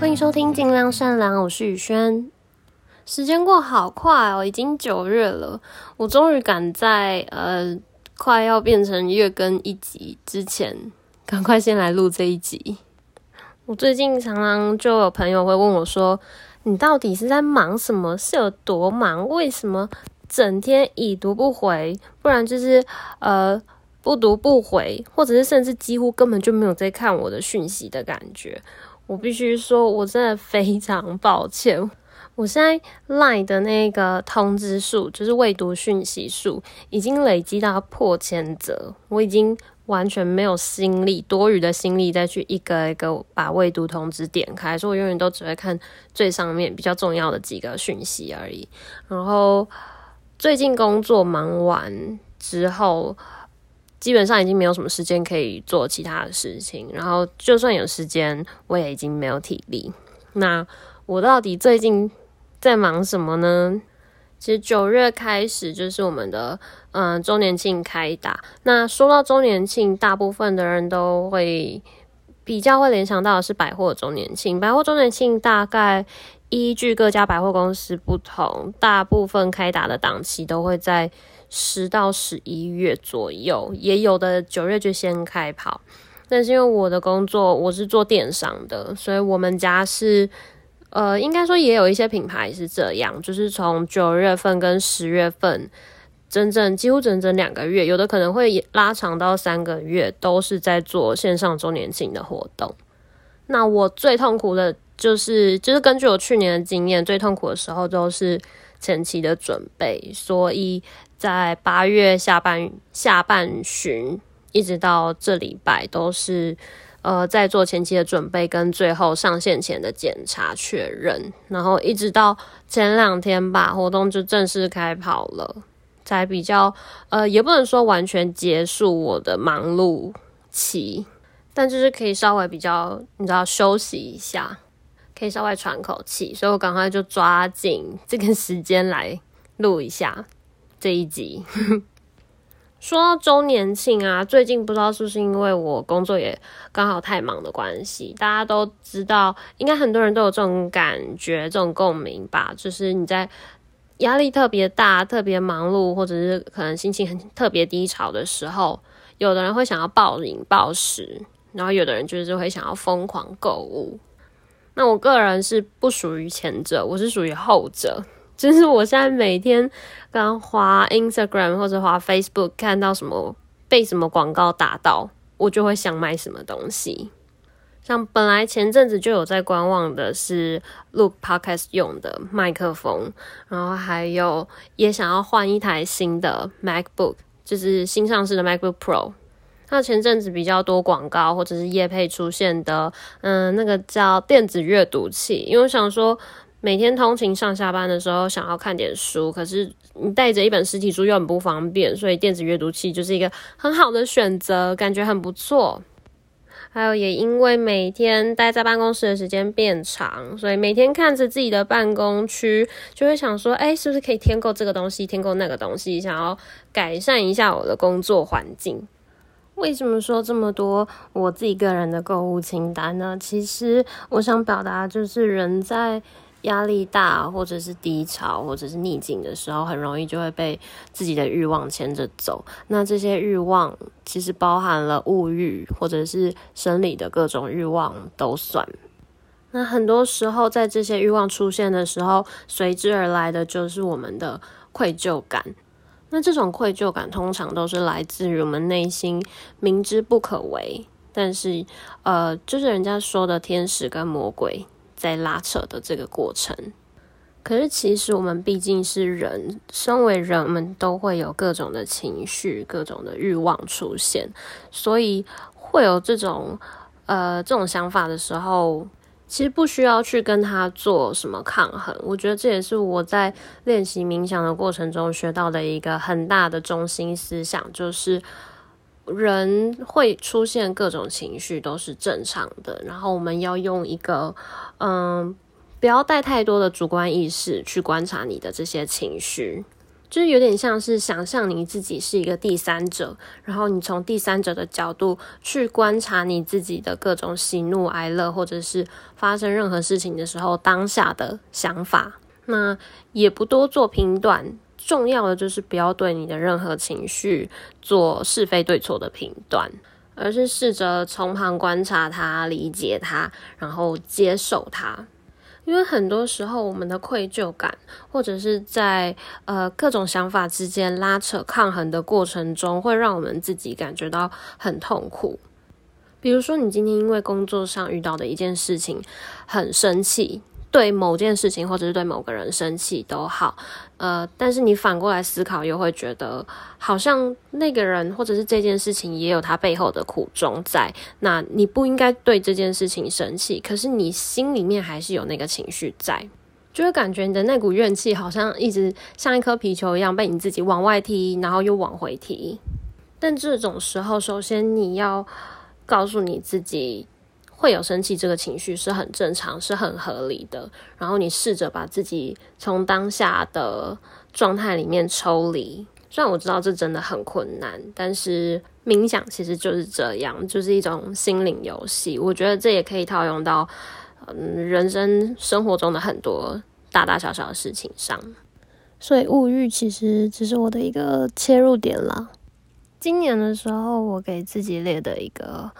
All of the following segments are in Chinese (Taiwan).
歡迎收聽《盡量善良》，我是宇軒。時間過好快哦，已經九月了。我終於趕在呃，快要變成月更一集之前，趕快先來錄這一集。我最近常常就有朋友會問我說，你到底是在忙什麼？是有多忙？為什麼整天已讀不回？不然就是，呃，不讀不回，或者是甚至幾乎根本就沒有在看我的訊息的感覺？我必須說，我真的非常抱歉。我現在 Line 的那個通知數，就是未讀訊息數，已經累積到破千則，我已經完全沒有心力，多餘的心力再去一個一個把未讀通知點開，所以我永遠都只會看最上面比較重要的幾個訊息而已。然後最近工作忙完之後，基本上已經沒有什麼時間可以做其他的事情，然後就算有時間，我也已經沒有體力。那我到底最近在忙什麼呢？其實九月開始就是我們的嗯，呃，週年慶開打。那說到週年慶，大部分的人都會比較會聯想到的是百貨週年慶。百貨週年慶大概依據各家百貨公司不同，大部分開打的檔期都會在十到十一月左右，也有的九月就先開跑。但是因為我的工作我是做電商的，所以我們家是。呃，應該說也有一些品牌是這樣，就是從九月份跟十月份，整整幾乎整整兩個月，有的可能會拉長到三個月，都是在做線上週年慶的活動。那我最痛苦的就是，就是根據我去年的經驗，最痛苦的時候都是前期的準備，所以在八月下半，下半旬一直到這禮拜都是。呃，在做前期的準備跟最後上線前的檢查確認，然後一直到前兩天吧，活動就正式開跑了，才比較呃，也不能說完全結束我的忙碌期，但就是可以稍微比較，你知道，休息一下，可以稍微喘口氣，所以我趕快就抓緊這個時間來錄一下這一集。 說到周年慶啊，最近不知道是不是因為我工作也剛好太忙的關係，大家都知道，應該很多人都有這種感覺、這種共鳴吧？就是你在壓力特別大、特別忙碌，或者是可能心情很特別低潮的時候，有的人會想要暴飲暴食，然後有的人就是會想要瘋狂購物。那我個人是不屬於前者，我是屬於後者。就是我現在每天剛滑 Instagram 或者滑 Facebook，看到什麼被什麼廣告打到，我就會想買什麼東西。像本來前陣子就有在觀望的是 Look Podcast 用的麥克風，然後還有也想要換一台新的 MacBook，就是新上市的 MacBook Pro。那前陣子比較多廣告或者是業配出現的，嗯，那個叫電子閱讀器，因為我想說。每天通勤上下班的時候，想要看點書，可是你帶着一本實體書又很不方便，所以電子閱讀器就是一個很好的選擇，感覺很不錯。還有，也因為每天待在辦公室的時間變長，所以每天看着自己的辦公區，就會想說：哎、欸，是不是可以添購這個東西，添購那個東西，想要改善一下我的工作環境？為什麼說這麼多我自己個人的購物清單呢？其實我想表達就是，人在。壓力大，或者是低潮，或者是逆境的時候，很容易就會被自己的慾望牽着走。那這些慾望其實包含了物慾，或者是生理的各種慾望都算。那很多時候，在這些慾望出現的時候，隨之而來的就是我們的愧疚感。那這種愧疚感通常都是來自於我們內心明知不可為，但是呃，就是人家說的天使跟魔鬼。在拉扯的這個過程，可是其實我們畢竟是人，身為人，我們都會有各種的情緒、各種的慾望出現，所以會有這種呃這種想法的時候，其實不需要去跟他做什麼抗衡。我覺得這也是我在練習冥想的過程中學到的一個很大的中心思想，就是。人會出現各種情緒，都是正常的。然後我們要用一個，嗯，不要帶太多的主觀意識去觀察你的這些情緒，就是有點像是想象你自己是一個第三者，然後你從第三者的角度去觀察你自己的各種喜怒哀樂，或者是發生任何事情的時候，當下的想法，那也不多做評斷。重要的就是不要對你的任何情緒做是非對錯的評斷，而是試着從旁觀察它、理解它，然後接受它。因為很多時候，我們的愧疚感或者是在呃各種想法之間拉扯抗衡的過程中，會讓我們自己感覺到很痛苦。比如說，你今天因為工作上遇到的一件事情很生氣。對某件事情或者是對某個人生氣都好，呃，但是你反過來思考，又會覺得好像那個人或者是這件事情也有他背後的苦衷在。那你不應該對這件事情生氣，可是你心裡面還是有那個情緒在，就會感覺你的那股怨氣好像一直像一顆皮球一樣被你自己往外踢，然後又往回踢。但這種時候，首先你要告訴你自己。會有生氣這個情緒是很正常，是很合理的。然後你試着把自己從當下的狀態裡面抽離，雖然我知道這真的很困難，但是冥想其實就是這樣，就是一種心靈遊戲。我覺得這也可以套用到嗯人生生活中的很多大大小小的事情上。所以物欲其實只是我的一個切入點啦。今年的時候我給自己列的一個。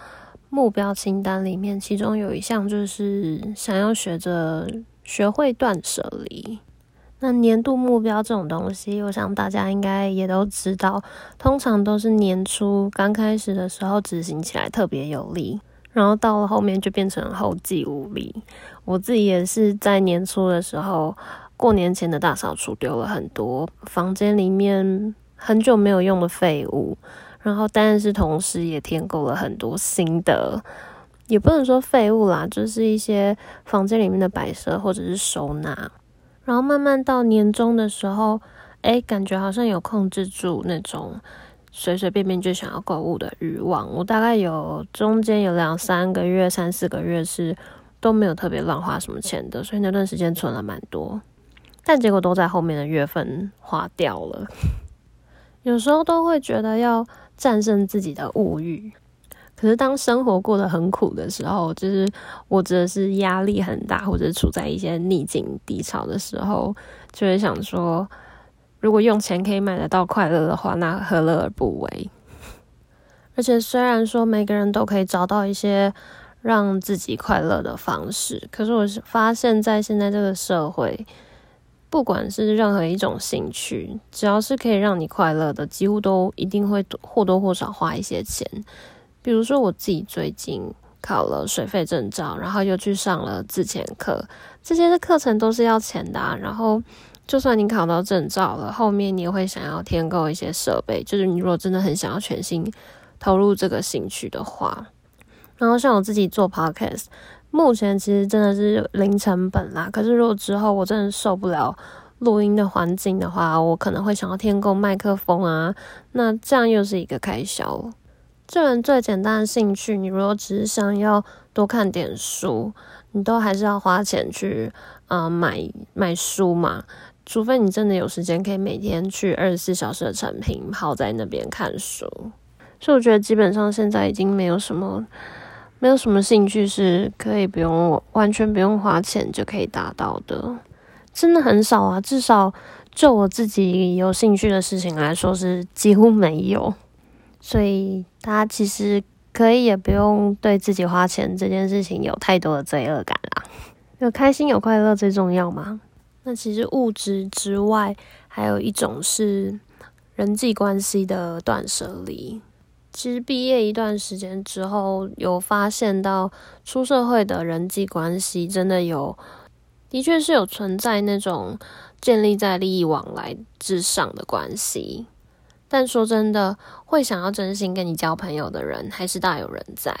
目標清單裡面，其中有一項就是想要學着學會斷捨離。那年度目標這種東西，我想大家應該也都知道，通常都是年初剛開始的時候執行起來特別有力，然後到了後面就變成後繼無力。我自己也是在年初的時候，過年前的大掃除丟了很多房間裡面很久沒有用的廢物。然後，但是同時也添購了很多新的，也不能說廢物啦，就是一些房間裡面的擺設或者是收納。然後慢慢到年終的時候，誒感覺好像有控制住那種隨隨便便就想要購物的欲望。我大概有中間有兩三個月、三四個月是都沒有特別亂花什麼錢的，所以那段時間存了蠻多，但結果都在後面的月份花掉了。 有時候都會覺得要戰勝自己的物欲，可是當生活過得很苦的時候，就是我覺得是壓力很大，或者處在一些逆境低潮的時候，就會想說，如果用錢可以買得到快樂的話，那何樂而不為？而且雖然說每個人都可以找到一些讓自己快樂的方式，可是我是發現，在現在這個社會。不管是任何一種興趣，只要是可以讓你快樂的，幾乎都一定會或多或少花一些錢。比如說，我自己最近考了水肺證照，然後又去上了自潛課，這些的課程都是要錢的啊。然後，就算你考到證照了，後面你也會想要添購一些設備。就是你如果真的很想要全心投入這個興趣的話，然後像我自己做 podcast。目前其實真的是零成本啦，可是如果之後我真的受不了錄音的環境的話，我可能會想要添購麥克風啊，那這樣又是一個開銷。就連最簡單的興趣，你如果只是想要多看點書，你都還是要花錢去啊、呃、買買書嘛，除非你真的有時間可以每天去二十四小時的誠品，泡在那邊看書。所以我覺得基本上現在已經沒有什麼。沒有什麼興趣是可以不用完全不用花錢就可以達到的，真的很少啊。至少就我自己有興趣的事情來說，是幾乎沒有。所以大家其實可以也不用對自己花錢這件事情有太多的罪惡感啦。有開心有快樂最重要嘛。那其實物質之外，還有一種是人際關係的斷捨離。其實畢業一段時間之後，有發現到出社會的人際關係真的有，的確是有存在那種建立在利益往來之上的關係。但說真的，會想要真心跟你交朋友的人還是大有人在。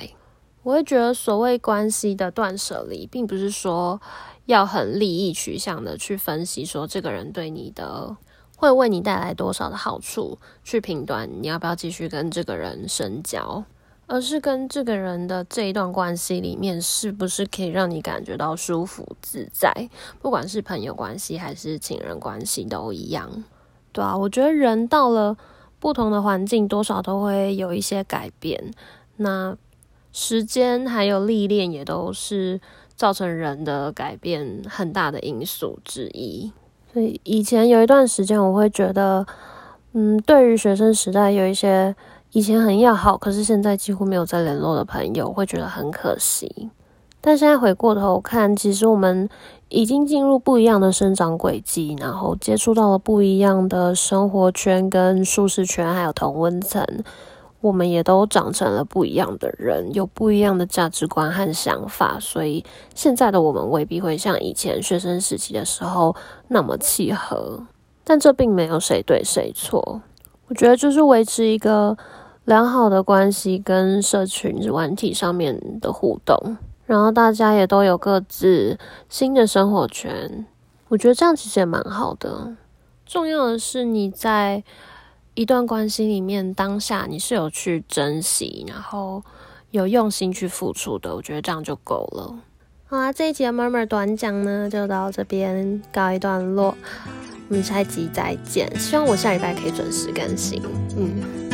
我會覺得所謂關係的斷捨離，並不是說要很利益取向的去分析說這個人對你的。會為你帶來多少的好處，去評斷你要不要繼續跟這個人深交，而是跟這個人的這一段關係裡面，是不是可以讓你感覺到舒服自在。不管是朋友關係還是情人關係都一樣。對啊，我覺得人到了不同的環境，多少都會有一些改變。那時間還有歷練也都是造成人的改變很大的因素之一。所以以前有一段時間，我會覺得，嗯，對於學生時代有一些以前很要好，可是現在幾乎沒有再聯絡的朋友，會覺得很可惜。但現在回過頭看，其實我們已經進入不一樣的生長軌跡，然後接觸到了不一樣的生活圈跟舒適圈，還有同溫層。我們也都長成了不一樣的人，有不一樣的價值觀和想法，所以現在的我們未必會像以前學生時期的時候那麼契合。但這並沒有誰對誰錯，我覺得就是維持一個良好的關係跟社群軟體上面的互動，然後大家也都有各自新的生活圈，我覺得這樣其實也蠻好的。重要的是你在。一段關係裡面，當下你是有去珍惜，然後有用心去付出的，我覺得這樣就夠了。好啦、啊，這一集的 Murmur 短講呢，就到這邊告一段落，我們下一集再見。希望我下禮拜可以準時更新，嗯。